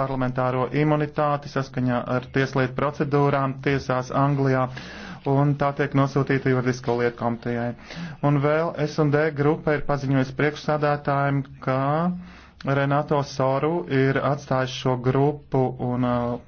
parlamentāro imunitāti saskaņā ar tieslietu procedūrām tiesās Anglijā, un tā tiek nosūtīta juridisko lietu komitejai. Un vēl S&D grupa ir paziņojusi priekšsādātājiem, ka Renato Soru ir atstājis šo grupu un uh,